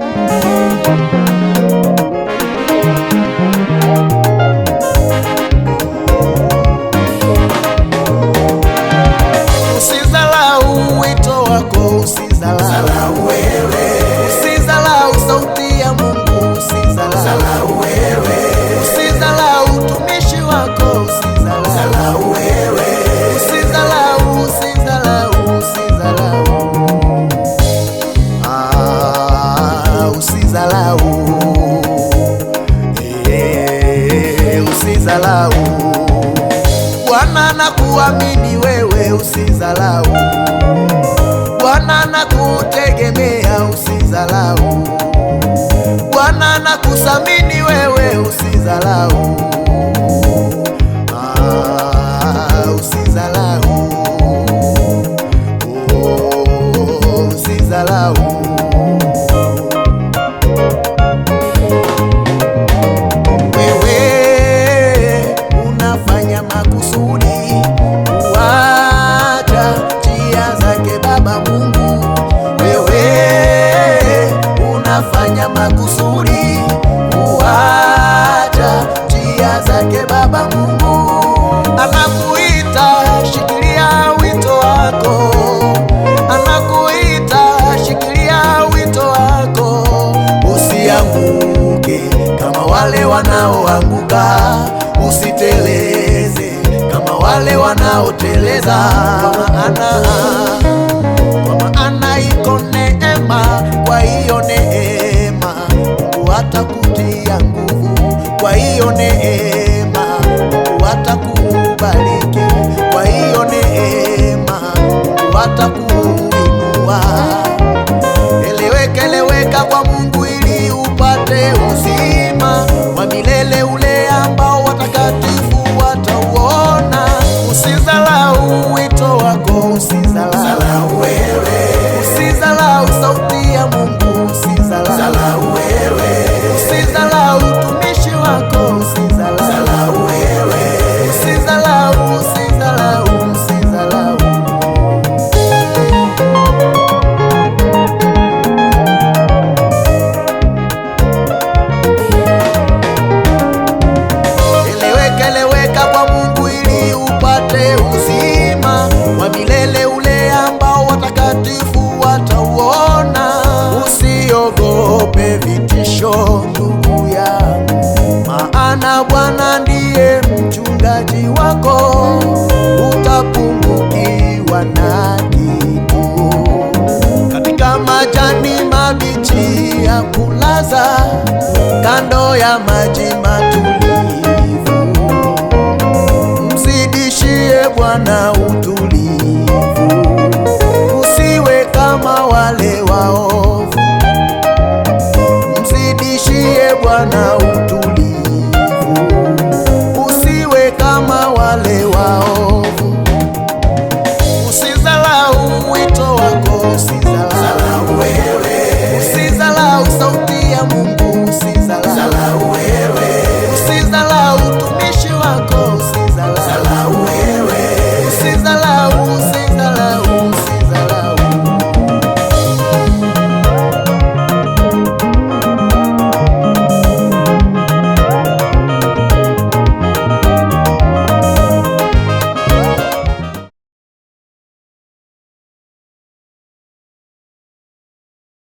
Thank you. Bwana nakuamini wewe, usizalau. Bwana nakutegemea, usizalau Bwana nakusamini wewe, usizalau anafanya makusudi kuacha njia zake Baba Mungu anakuita, shikilia wito wako, anakuita, shikilia wito wako, usianguke kama wale wanaoanguka, usiteleze kama wale wanaoteleza ana ya kulaza kando ya maji matulivu, mzidishie Bwana